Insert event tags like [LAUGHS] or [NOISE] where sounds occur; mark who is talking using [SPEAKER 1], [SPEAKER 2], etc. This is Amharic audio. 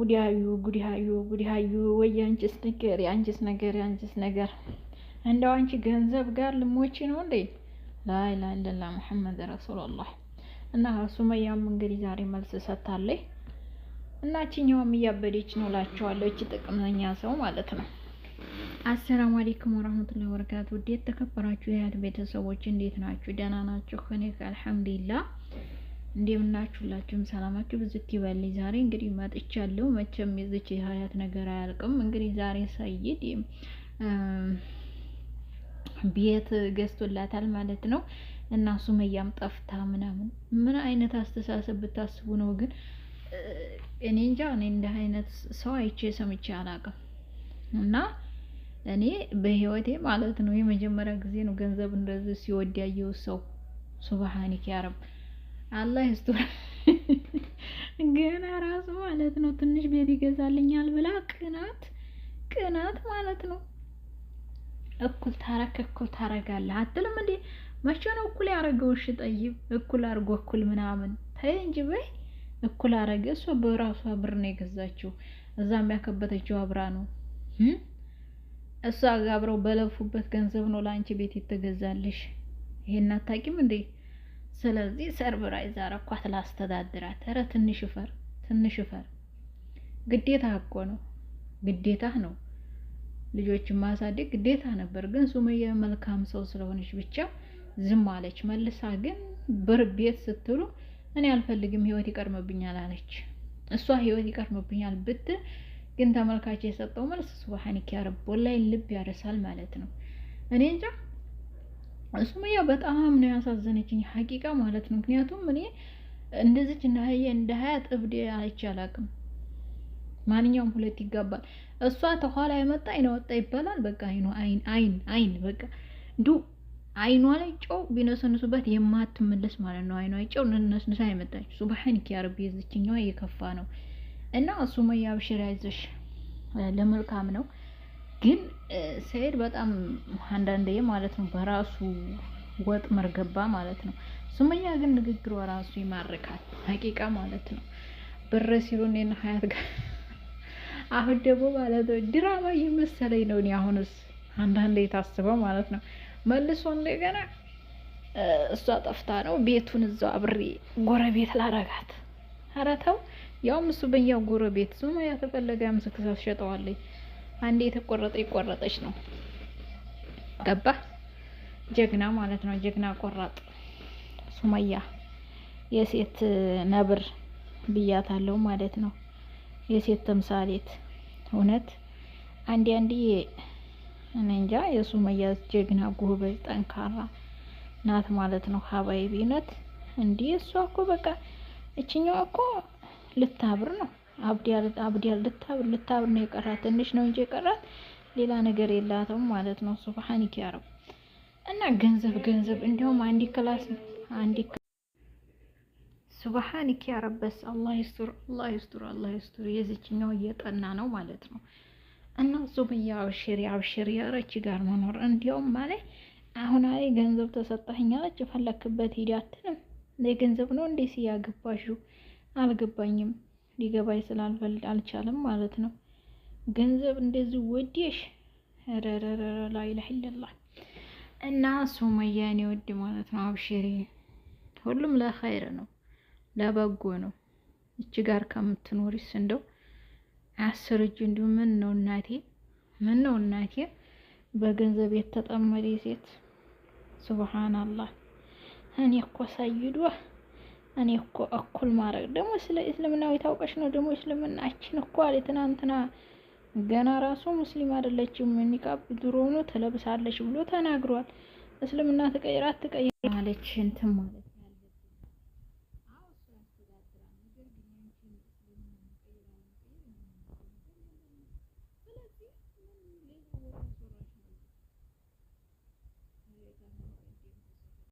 [SPEAKER 1] ጉዲያዩ ጉዲያዩ ጉዲያዩ ወይ አንቺስ ነገር አንቺስ ነገር አንቺስ ነገር እንደው አንቺ ገንዘብ ጋር ልሞች ነው እንዴ? ላይላ ለላ ሙሐመድ ረሱሉላህ። እና ሱመያም እንግዲህ ዛሬ መልስ ሰጥታለች። እና ችኛውም እያበደች ነው ላቸዋለሁ። እች ጥቅመኛ ሰው ማለት ነው። አሰላሙ አለይኩም ወራህመቱላሂ ወበረካቱ። ውዴት ተከበራችሁ የህያት ቤተሰቦች እንዴት ናችሁ? ደህና ናችሁ? እኔ አልሐምዱሊላህ እንደምናችሁላችሁም ሰላማችሁ ብዙት ይበልኝ። ዛሬ እንግዲህ መጥቻለሁ። መቼም የዚች ሀያት ነገር አያልቅም። እንግዲህ ዛሬ ሰይድ ቤት ገዝቶላታል ማለት ነው እና ሱመያም ጠፍታ ምናምን ምን አይነት አስተሳሰብ ብታስቡ ነው? ግን እኔ እንጃ እኔ እንደ አይነት ሰው አይቼ ሰምቼ አላውቅም እና እኔ በህይወቴ ማለት ነው የመጀመሪያ ጊዜ ነው ገንዘብ እንደዚህ ሲወድ ያየው ሰው ሱብሃኒክ ያረብ አላህ ይስጥራ። ገና ራሱ ማለት ነው ትንሽ ቤት ይገዛልኛል ብላ ቅናት ቅናት ማለት ነው። እኩል ታረክ እኩል ታረጋለህ አትልም እንዴ? መቼ ነው እኩል ያረገው? እሺ ጠይብ እኩል አርጎ እኩል ምናምን ተይ እንጂ በይ። እኩል አረገ። እሷ በራሷ ብር ነው የገዛችው። እዛም ያከበተችው አብራ ነው። እሷ አብረው በለፉበት ገንዘብ ነው ለአንቺ ቤት የተገዛልሽ። ይሄን አታውቂም እንዴ? ስለዚህ ሰርብራይዝ አረኳት ላስተዳድራት። ኧረ ትንሽ ፈር ትንሽ ፈር ግዴታ እኮ ነው ግዴታ ነው ልጆችን ማሳደግ ግዴታ ነበር። ግን ሱመያ መልካም ሰው ስለሆነች ብቻ ዝም አለች። መልሳ ግን ብር ቤት ስትሉ እኔ አልፈልግም ህይወት ይቀርምብኛል አለች። እሷ ህይወት ይቀርምብኛል ብትል ግን ተመልካች የሰጠው መልስ ሱብሃኒክ ያረቦ ላይ ልብ ያረሳል ማለት ነው። እኔ እንጃ ሱመያ በጣም ነው ያሳዘነችኝ ሀቂቃ ማለት ነው። ምክንያቱም እኔ እንደዚች እንደ ሀያ እንደ ሀያት እብድ አይቼ አላውቅም። ማንኛውም ሁለት ይጋባል። እሷ ተኋላ የመጣ አይነ ወጣ ይባላል። በቃ አይኑ አይን አይን አይን በቃ እንዱ አይኗ ላይ ጨው ቢነሰንሱበት የማትመለስ ማለት ነው። አይኗ ጨው ነስንሳ የመጣች ሱብሃን ኪያርብ የዝችኛዋ የከፋ ነው እና ሱመያ አብሽር አይዞሽ ለመልካም ነው ግን ሰኢድ በጣም አንዳንዴ ማለት ነው በራሱ ወጥመድ ገባ ማለት ነው። ሱመያ ግን ንግግሯ ራሱ ይማርካል ሀቂቃ ማለት ነው። ብር ሲሉ እኔን ሀያት ጋር [LAUGHS] አሁን ደግሞ ማለት ነው ድራማ እየመሰለኝ ነው። እኔ አሁንስ አንዳንዴ የታስበው ማለት ነው መልሶ እንደገና እሷ ጠፍታ ነው ቤቱን እዛው አብሬ ጎረቤት ላረጋት። ኧረ ተው ያውም እሱ በእኛ ጎረቤት ሱመያ ተፈለገ አምስት ሸጠዋለኝ አንዴ የተቆረጠ የቆረጠች ነው። ገባ ጀግና ማለት ነው። ጀግና ቆራጥ ሱመያ የሴት ነብር ብያታለው ማለት ነው። የሴት ተምሳሌት እውነት አንዴ አንዴ እኔ እንጃ የሱመያ ጀግና ጉበ ጠንካራ ናት ማለት ነው። ሀባይ ነት እንዲህ እሷ እኮ በቃ እችኛዋ እኮ ልታብር ነው። አብዲያል ልታብር ልታብር ነው የቀራት ትንሽ ነው እንጂ የቀራት ሌላ ነገር የላትም ማለት ነው። ሱብሃኒክ ያ ረብ እና ገንዘብ ገንዘብ እንዲሁም አንዲ ክላስ አንዲ ሱብሃኒክ ያ ረብ በስ አላህ ይስጥር አላህ ይስጥር አላህ ይስጥር። የዚችኛው እየጠና ነው ማለት ነው። እና ሱብያ አብሽሪ አብሽሪ ያረች ጋር መኖር እንዲያውም ማለት አሁን አይ ገንዘብ ተሰጣኝ አለች። የፈለክበት ሂድ ለገንዘብ ነው እንዴ ሲያገባሹ አልገባኝም። ሊገባኝ ስላልፈልግ አልቻለም ማለት ነው። ገንዘብ እንደዚህ ወዴሽ ረረረ ላይላህ ኢላላህ እና ሱመያኔ ወድ ማለት ነው። አብሽሪ ሁሉም ለኸይር ነው ለበጎ ነው። እች ጋር ከምትኖሪስ እንደው አስር እጅ እንዲሁ ምን ነው እናቴ፣ ምን ነው እናቴ፣ በገንዘብ የተጠመደ ሴት ሱብሃንአላህ። እኔ እኮ ሳይዷ እኔ እኮ እኩል ማድረግ ደግሞ ስለ እስልምናዊ ታውቀሽ ነው ደግሞ እስልምናችን እኮ አለ ትናንትና ገና ራሱ ሙስሊም አይደለችም ኒቃብ ድሮውኑ ትለብሳለች ብሎ ተናግሯል። እስልምና ትቀይራት ትቀይራለች እንትን ማለት